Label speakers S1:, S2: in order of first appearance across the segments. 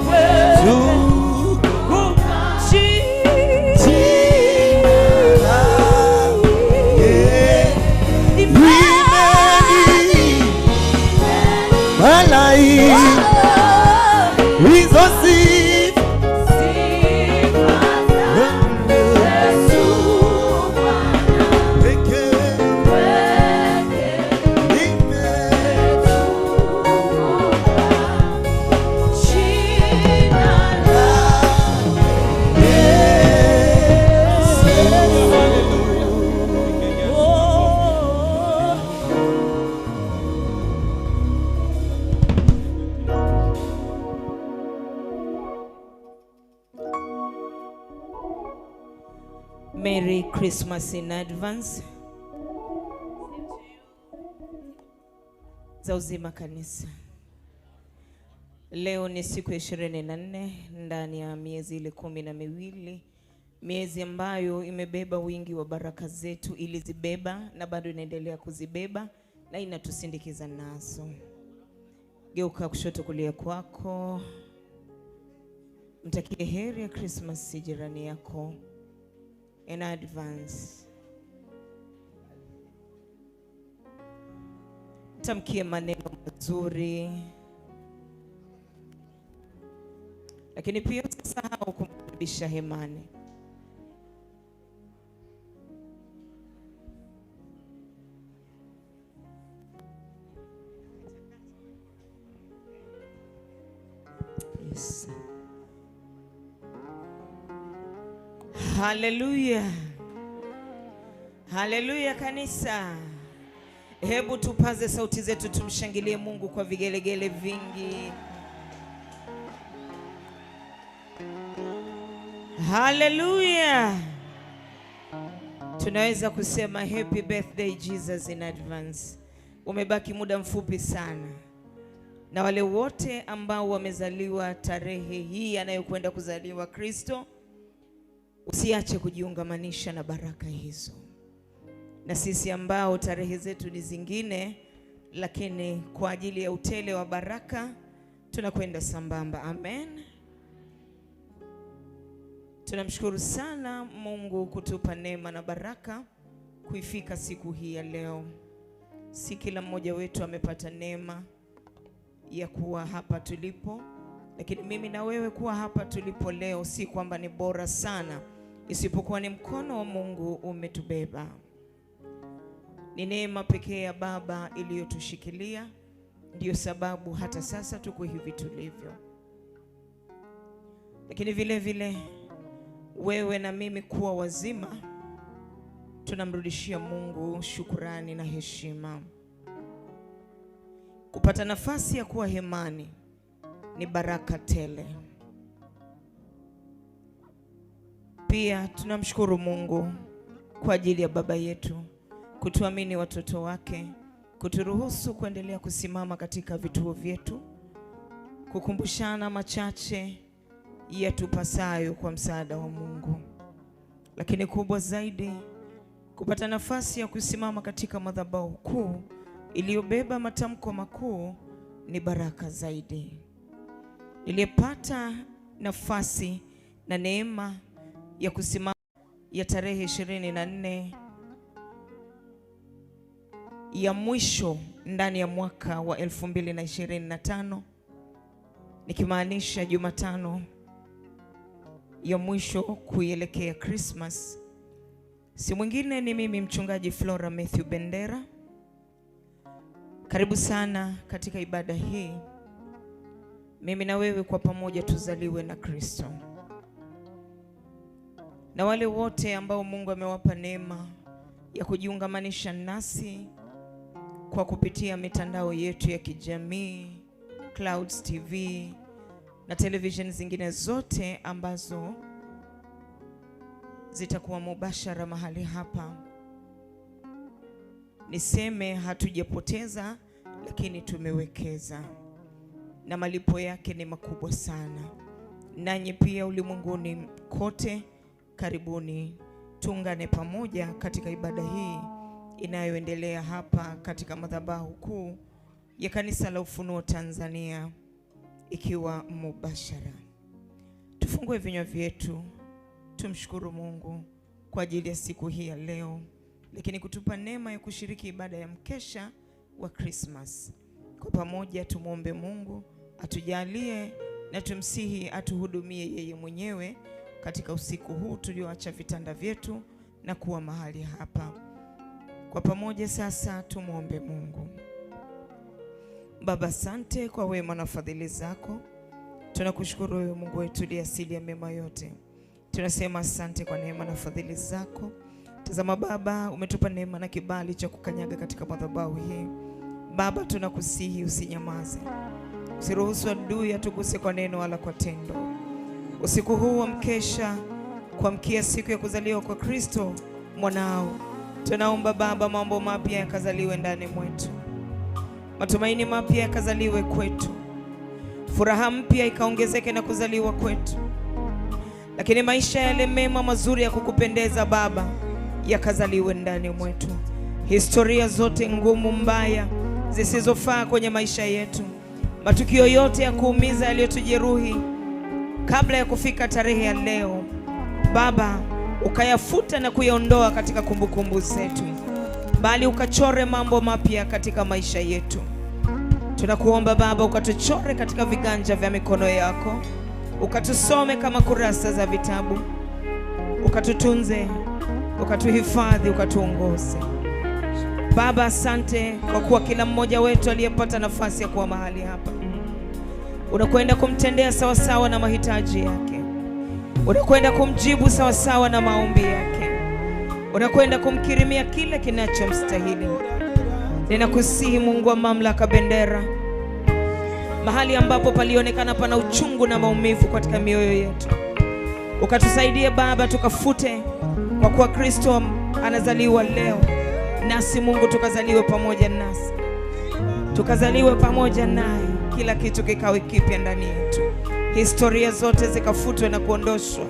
S1: away.
S2: Christmas in advance za uzima kanisa. Leo ni siku ya ishirini na nne ndani ya miezi ile kumi na miwili, miezi ambayo imebeba wingi wa baraka zetu, ilizibeba na bado inaendelea kuzibeba na inatusindikiza nazo. Geuka kushoto kulia kwako, mtakie heri ya Krismasi jirani yako in advance. Tamkie maneno mazuri, lakini pia usisahau kumkaribisha hemani. Haleluya, haleluya kanisa, hebu tupaze sauti zetu tumshangilie Mungu kwa vigelegele vingi. Haleluya, tunaweza kusema happy birthday Jesus in advance. Umebaki muda mfupi sana, na wale wote ambao wamezaliwa tarehe hii anayokwenda kuzaliwa Kristo Usiache kujiungamanisha na baraka hizo, na sisi ambao tarehe zetu ni zingine, lakini kwa ajili ya utele wa baraka tunakwenda sambamba. Amen. Tunamshukuru sana Mungu kutupa neema na baraka kuifika siku hii ya leo. Si kila mmoja wetu amepata neema ya kuwa hapa tulipo, lakini mimi na wewe kuwa hapa tulipo leo si kwamba ni bora sana isipokuwa ni mkono wa Mungu umetubeba. Ni neema pekee ya Baba iliyotushikilia, ndiyo sababu hata sasa tuko hivi tulivyo. Lakini vile vile wewe na mimi kuwa wazima, tunamrudishia Mungu shukurani na heshima. Kupata nafasi ya kuwa hemani ni baraka tele. Pia tunamshukuru Mungu kwa ajili ya baba yetu kutuamini watoto wake, kuturuhusu kuendelea kusimama katika vituo vyetu, kukumbushana machache yatupasayo kwa msaada wa Mungu, lakini kubwa zaidi kupata nafasi ya kusimama katika madhabahu kuu iliyobeba matamko makuu ni baraka zaidi. Niliyepata nafasi na neema ya kusimama ya tarehe 24 ya mwisho ndani ya mwaka wa 2025 nikimaanisha Jumatano ya mwisho kuielekea Christmas. Si mwingine ni mimi mchungaji Flora matthew Bendera. Karibu sana katika ibada hii. Mimi na wewe kwa pamoja tuzaliwe na Kristo na wale wote ambao Mungu amewapa neema ya kujiungamanisha nasi kwa kupitia mitandao yetu ya kijamii Clouds TV na television zingine zote ambazo zitakuwa mubashara mahali hapa. Niseme hatujapoteza, lakini tumewekeza na malipo yake ni makubwa sana. Nanyi pia ulimwenguni kote Karibuni tuungane pamoja katika ibada hii inayoendelea hapa katika madhabahu kuu ya Kanisa la Ufunuo Tanzania, ikiwa mubashara. Tufungue vinywa vyetu, tumshukuru Mungu kwa ajili ya siku hii ya leo, lakini kutupa neema ya kushiriki ibada ya mkesha wa Krismas. Kwa pamoja tumwombe Mungu atujalie na tumsihi atuhudumie yeye mwenyewe katika usiku huu tulioacha vitanda vyetu na kuwa mahali hapa kwa pamoja. Sasa tumwombe Mungu. Baba, sante kwa wema na fadhili zako, tunakushukuru wewe Mungu wetu uliye asili ya mema yote. Tunasema asante kwa neema na fadhili zako. Tazama Baba, umetupa neema na kibali cha kukanyaga katika madhabahu hii. Baba, tunakusihi usinyamaze, usiruhusu adui atuguse kwa neno wala kwa tendo Usiku huu wa mkesha kuamkia siku ya kuzaliwa kwa Kristo mwanao, tunaomba Baba, mambo mapya yakazaliwe ndani mwetu, matumaini mapya yakazaliwe kwetu, furaha mpya ikaongezeke na kuzaliwa kwetu, lakini maisha yale mema mazuri ya kukupendeza Baba yakazaliwe ndani mwetu. Historia zote ngumu, mbaya, zisizofaa kwenye maisha yetu, matukio yote ya kuumiza yaliyotujeruhi kabla ya kufika tarehe ya leo, Baba, ukayafuta na kuyaondoa katika kumbukumbu zetu, bali ukachore mambo mapya katika maisha yetu. Tunakuomba Baba, ukatuchore katika viganja vya mikono yako, ukatusome kama kurasa za vitabu, ukatutunze, ukatuhifadhi, ukatuongoze. Baba, asante kwa kuwa kila mmoja wetu aliyepata nafasi ya kuwa mahali hapa unakwenda kumtendea sawasawa na mahitaji yake, unakwenda kumjibu sawasawa na maombi yake, unakwenda kumkirimia kila kinachomstahili. Ninakusihi Mungu wa mamlaka, bendera, mahali ambapo palionekana pana uchungu na maumivu katika mioyo yetu, ukatusaidie Baba, tukafute, kwa kuwa Kristo anazaliwa leo, nasi Mungu tukazaliwe pamoja nasi, tukazaliwe pamoja naye kila kitu kikawe kipya ndani yetu, historia zote zikafutwe na kuondoshwa,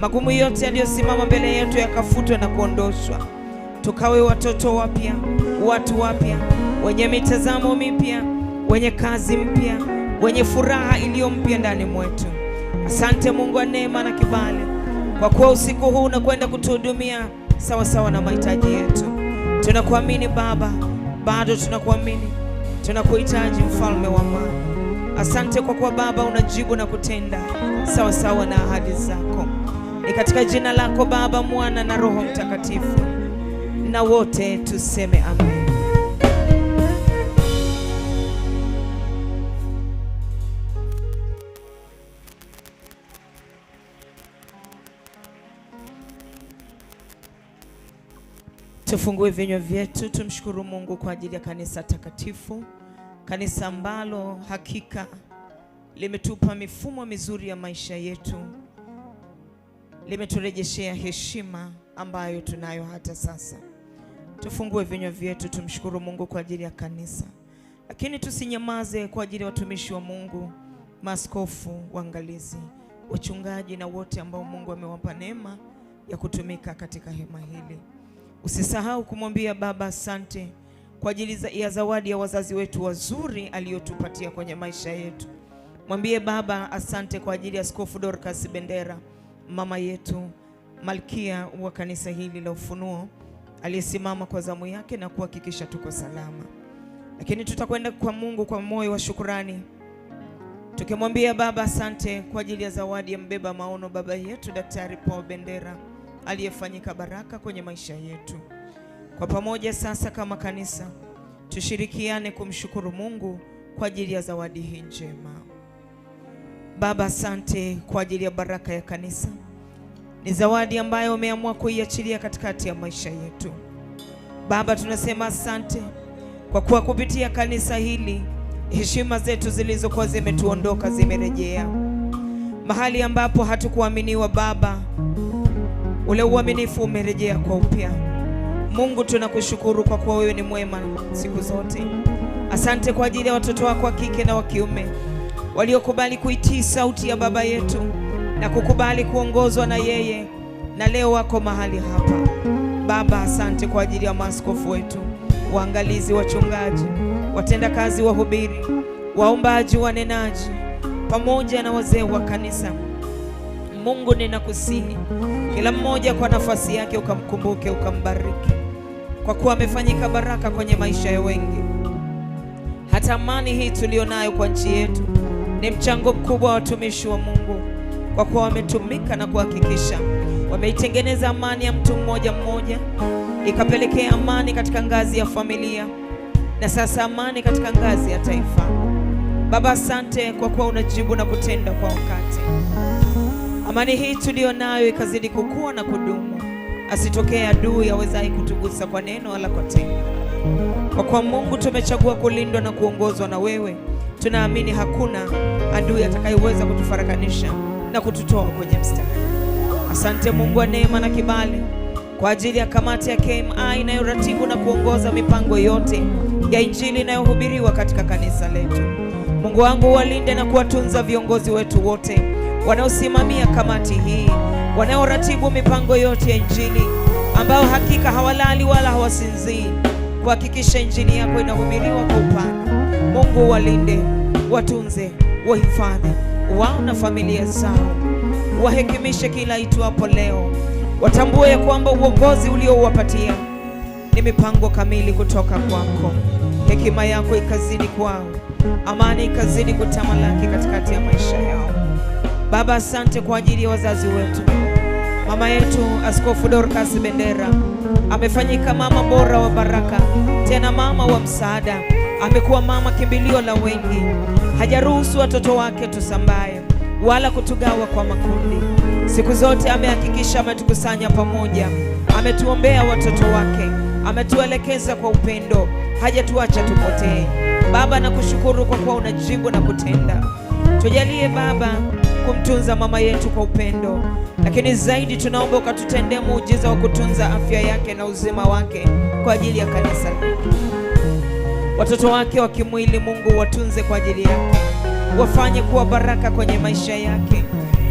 S2: magumu yote yaliyosimama mbele yetu yakafutwe na kuondoshwa, tukawe watoto wapya, watu wapya, wenye mitazamo mipya, wenye kazi mpya, wenye furaha iliyo mpya ndani mwetu. Asante Mungu wa neema na kibali, kwa kuwa usiku huu unakwenda kutuhudumia sawasawa na mahitaji yetu. Tunakuamini Baba, bado tunakuamini Tunakuhitaji mfalme wa amani. Asante kwa kuwa Baba unajibu na kutenda sawasawa sawa na ahadi zako. Ni katika jina lako Baba, Mwana na Roho Mtakatifu, na wote tuseme amen. Tufungue vinywa vyetu tumshukuru Mungu kwa ajili ya kanisa takatifu, kanisa ambalo hakika limetupa mifumo mizuri ya maisha yetu, limeturejeshea heshima ambayo tunayo hata sasa. Tufungue vinywa vyetu tumshukuru Mungu kwa ajili ya kanisa, lakini tusinyamaze kwa ajili ya watumishi wa Mungu, maaskofu, waangalizi, wachungaji na wote ambao Mungu amewapa neema ya kutumika katika hema hili. Usisahau kumwambia Baba asante kwa ajili ya zawadi ya wazazi wetu wazuri aliyotupatia kwenye maisha yetu. Mwambie Baba asante kwa ajili ya Askofu Dorcas Bendera, mama yetu, malkia wa kanisa hili la Ufunuo, aliyesimama kwa zamu yake na kuhakikisha tuko salama. Lakini tutakwenda kwa Mungu kwa moyo wa shukurani tukimwambia Baba asante kwa ajili ya zawadi ya mbeba maono baba yetu Daktari Paul Bendera aliyefanyika baraka kwenye maisha yetu. Kwa pamoja sasa, kama kanisa, tushirikiane kumshukuru Mungu kwa ajili ya zawadi hii njema. Baba, asante kwa ajili ya baraka ya kanisa. Ni zawadi ambayo umeamua kuiachilia katikati ya maisha yetu. Baba, tunasema asante kwa kuwa kupitia kanisa hili heshima zetu zilizokuwa zimetuondoka zimerejea mahali ambapo hatukuaminiwa Baba ule uaminifu umerejea kwa upya. Mungu, tunakushukuru kwa kuwa wewe ni mwema siku zote. Asante kwa ajili ya watoto wako wa kike na wa kiume waliokubali kuitii sauti ya baba yetu na kukubali kuongozwa na yeye, na leo wako mahali hapa Baba. Asante kwa ajili ya maaskofu wetu, waangalizi, wachungaji, watendakazi, wahubiri, waombaji, wanenaji, pamoja na wazee wa kanisa Mungu ninakusihi kila mmoja kwa nafasi yake ukamkumbuke, ukambariki kwa kuwa amefanyika baraka kwenye maisha ya wengi. Hata amani hii tuliyonayo kwa nchi yetu ni mchango mkubwa wa watumishi wa Mungu, kwa kuwa wametumika na kuhakikisha wameitengeneza amani ya mtu mmoja mmoja, ikapelekea amani katika ngazi ya familia na sasa amani katika ngazi ya taifa. Baba, asante kwa kuwa unajibu na kutenda kwa wakati. Amani hii tuliyo nayo ikazidi kukua na kudumu, asitokee adui awezaye kutugusa kwa neno wala kwa tendo. Kwa kuwa Mungu tumechagua kulindwa na kuongozwa na wewe, tunaamini hakuna adui atakayeweza kutufarakanisha na kututoa kwenye mstari. Asante Mungu wa neema na kibali kwa ajili ya kamati ya KMI inayoratibu na kuongoza mipango yote ya injili inayohubiriwa katika kanisa letu. Mungu wangu, walinde na kuwatunza viongozi wetu wote wanaosimamia kamati hii, wanaoratibu mipango yote ya Injili, ambao hakika hawalali wala hawasinzii kuhakikisha Injili yako inahubiriwa kwa upana. Mungu walinde, watunze, wahifadhi wao na familia zao, wahekimishe kila itwapo leo, watambue ya kwamba uongozi uliowapatia ni mipango kamili kutoka kwako, hekima yako ikazidi kwao, amani ikazidi kutamalaki katikati ya maisha yao. Baba, asante kwa ajili ya wazazi wetu. Mama yetu Askofu Dorcas Bendera amefanyika mama bora wa baraka, tena mama wa msaada. Amekuwa mama kimbilio la wengi, hajaruhusu watoto wake tusambaye wala kutugawa kwa makundi. Siku zote amehakikisha ametukusanya pamoja, ametuombea watoto wake, ametuelekeza kwa upendo, hajatuacha tupotee. Baba, nakushukuru kwa kuwa unajibu na kutenda. Tujalie Baba kumtunza mama yetu kwa upendo, lakini zaidi tunaomba ukatutendee muujiza wa kutunza afya yake na uzima wake kwa ajili ya kanisa lake. Watoto wake wa kimwili, Mungu watunze kwa ajili yake, wafanye kuwa baraka kwenye maisha yake,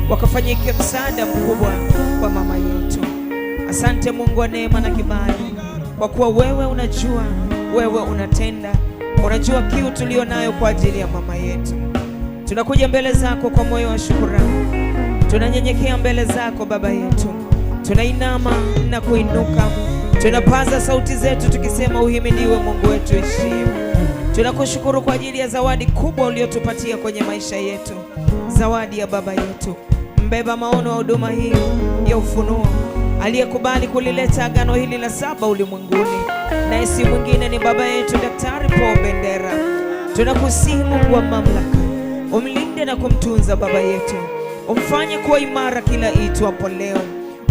S2: wakafanyike msaada mkubwa kwa mama yetu. Asante Mungu wa neema na kibali, kwa kuwa wewe unajua, wewe unatenda, unajua kiu tulio nayo kwa ajili ya mama yetu. Tunakuja mbele zako kwa moyo wa shukurani, tunanyenyekea mbele zako Baba yetu, tunainama na kuinuka, tunapaza sauti zetu tukisema, uhimidiwe Mungu wetu heshima. Tunakushukuru kwa ajili ya zawadi kubwa uliyotupatia kwenye maisha yetu, zawadi ya Baba yetu, mbeba maono wa huduma hii ya ufunuo, aliyekubali kulileta agano hili la saba ulimwenguni, naye si mwingine ni Baba yetu Daktari Paul Bendera. Tunakusihi Mungu wa mamlaka umlinde na kumtunza Baba yetu, umfanye kuwa imara kila itwapo leo,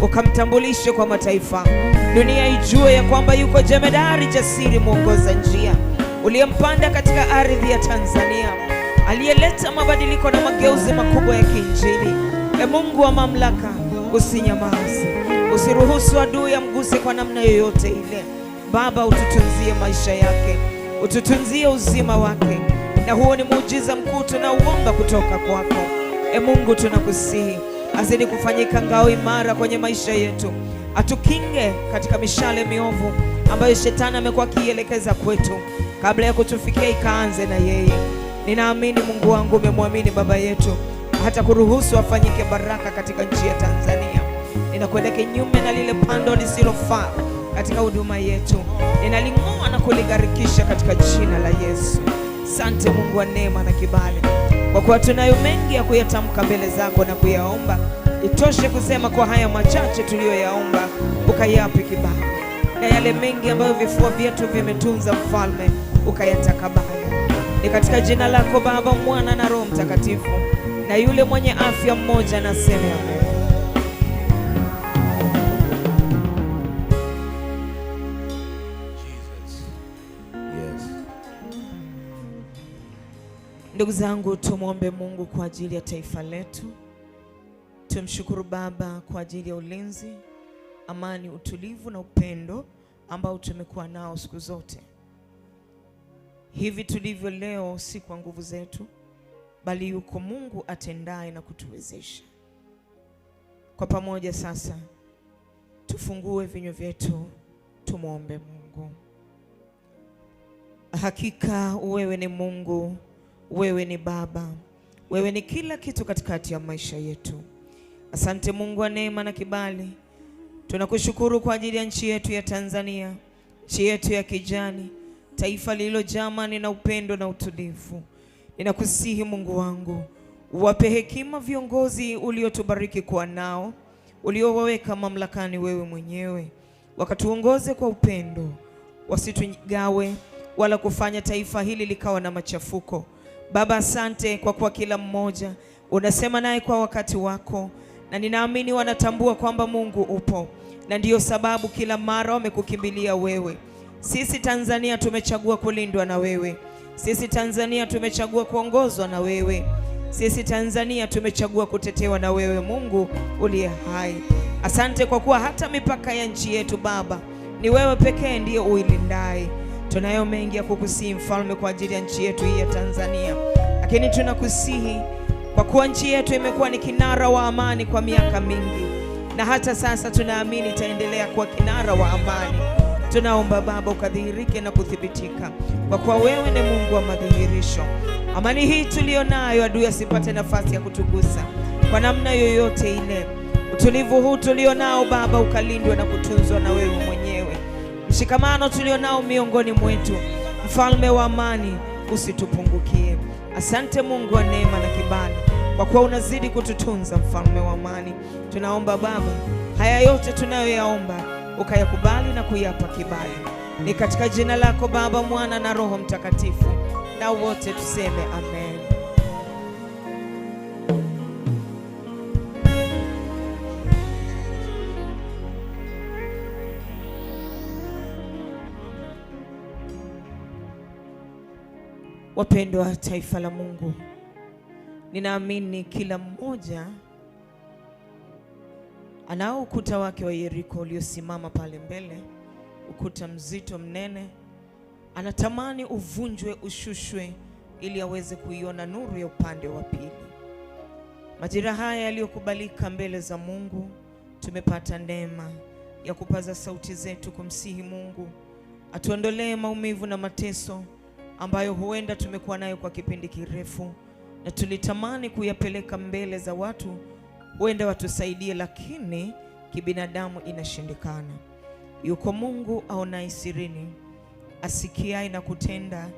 S2: ukamtambulishe kwa mataifa, dunia ijue ya kwamba yuko jemedari jasiri, mwongoza njia uliyempanda katika ardhi ya Tanzania, aliyeleta mabadiliko na mageuzi makubwa ya kiinjili. E Mungu wa mamlaka, usinyamaze, usiruhusu adui amguse kwa namna yoyote ile. Baba, ututunzie maisha yake, ututunzie uzima wake na huo ni muujiza mkuu tunauomba kutoka kwako. E Mungu, tunakusihi azidi kufanyika ngao imara kwenye maisha yetu, atukinge katika mishale miovu ambayo shetani amekuwa akiielekeza kwetu kabla ya kutufikia ikaanze na yeye. Ninaamini Mungu wangu umemwamini baba yetu hata kuruhusu afanyike baraka katika nchi ya Tanzania. Ninakwenda kinyume na lile pando lisilofaa katika huduma yetu, ninaling'oa na kuligharikisha katika jina la Yesu. Sante Mungu wa neema na kibali, kwa kuwa tunayo mengi ya kuyatamka mbele zako na kuyaomba. Itoshe kusema kwa haya machache tuliyoyaomba ukayapi kibali, na yale mengi ambayo vifua vyetu vimetunza, Mfalme, ukayatakabali. Ni katika jina lako Baba, Mwana na Roho Mtakatifu, na yule mwenye afya mmoja anasema Ndugu zangu, tumwombe Mungu kwa ajili ya taifa letu. Tumshukuru Baba kwa ajili ya ulinzi, amani, utulivu na upendo ambao tumekuwa nao siku zote. Hivi tulivyo leo si kwa nguvu zetu, bali yuko Mungu atendaye na kutuwezesha. Kwa pamoja sasa tufungue vinywa vyetu tumwombe Mungu. Hakika wewe ni Mungu wewe ni Baba, wewe ni kila kitu katikati ya maisha yetu. Asante Mungu wa neema na kibali, tunakushukuru kwa ajili ya nchi yetu ya Tanzania, nchi yetu ya kijani, taifa lililojaa amani na upendo na utulivu. Ninakusihi Mungu wangu, wape hekima viongozi uliotubariki kuwa nao, uliowaweka mamlakani wewe mwenyewe, wakatuongoze kwa upendo, wasitugawe wala kufanya taifa hili likawa na machafuko Baba, asante kwa kuwa kila mmoja unasema naye kwa wakati wako, na ninaamini wanatambua kwamba Mungu upo, na ndiyo sababu kila mara wamekukimbilia wewe. Sisi Tanzania tumechagua kulindwa na wewe. Sisi Tanzania tumechagua kuongozwa na wewe. Sisi Tanzania tumechagua kutetewa na wewe, Mungu uliye hai. Asante kwa kuwa hata mipaka ya nchi yetu Baba, ni wewe pekee ndiye uilindaye. Tunayo mengi ya kukusihi mfalme kwa ajili ya nchi yetu hii ya Tanzania, lakini tunakusihi kwa kuwa nchi yetu imekuwa ni kinara wa amani kwa miaka mingi, na hata sasa tunaamini itaendelea kuwa kinara wa amani. Tunaomba Baba ukadhihirike na kuthibitika, kwa kuwa wewe ni Mungu wa madhihirisho. Amani hii tuliyonayo, adui asipate nafasi ya kutugusa kwa namna yoyote ile. Utulivu huu tulionao Baba ukalindwe na kutunzwa na wewe mwenyewe mshikamano tulionao miongoni mwetu. Mfalme wa amani, usitupungukie. Asante Mungu wa neema na kibali, kwa kuwa unazidi kututunza. Mfalme wa amani, tunaomba Baba, haya yote tunayoyaomba ukayakubali na kuyapa kibali, ni katika jina lako Baba, Mwana na Roho Mtakatifu, na wote tuseme amen. Wapendwa taifa la Mungu, ninaamini kila mmoja anao ukuta wake wa Yeriko uliosimama pale mbele, ukuta mzito mnene, anatamani uvunjwe, ushushwe ili aweze kuiona nuru ya upande wa pili. Majira haya yaliyokubalika mbele za Mungu, tumepata neema ya kupaza sauti zetu kumsihi Mungu atuondolee maumivu na mateso ambayo huenda tumekuwa nayo kwa kipindi kirefu na tulitamani kuyapeleka mbele za watu, huenda watusaidie, lakini kibinadamu inashindikana. Yuko Mungu aonaye sirini, asikiaye na kutenda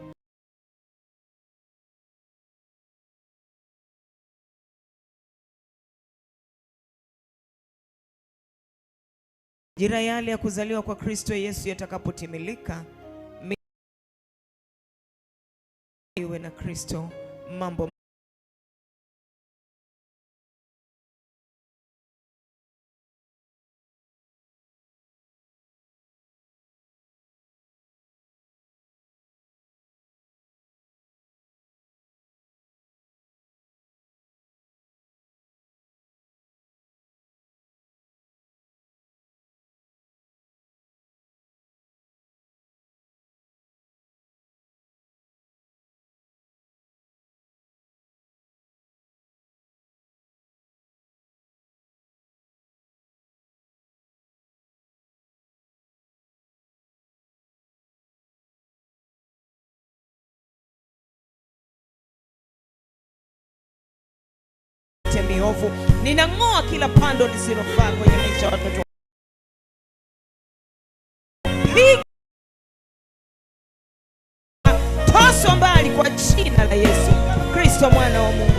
S2: jira yale ya kuzaliwa kwa Kristo Yesu yatakapotimilika iwe na Kristo mambo miovu, ninang'oa kila pando lisilofaa kwenye maisha watoto toso mbali kwa jina la Yesu Kristo mwana wa Mungu.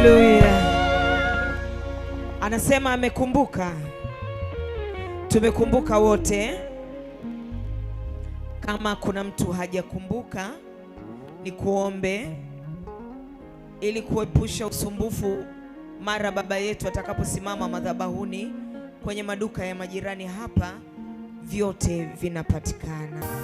S2: Haleluya. Anasema amekumbuka. Tumekumbuka wote. Kama kuna mtu hajakumbuka, ni kuombe ili kuepusha usumbufu mara baba yetu atakaposimama madhabahuni, kwenye maduka ya majirani hapa, vyote vinapatikana.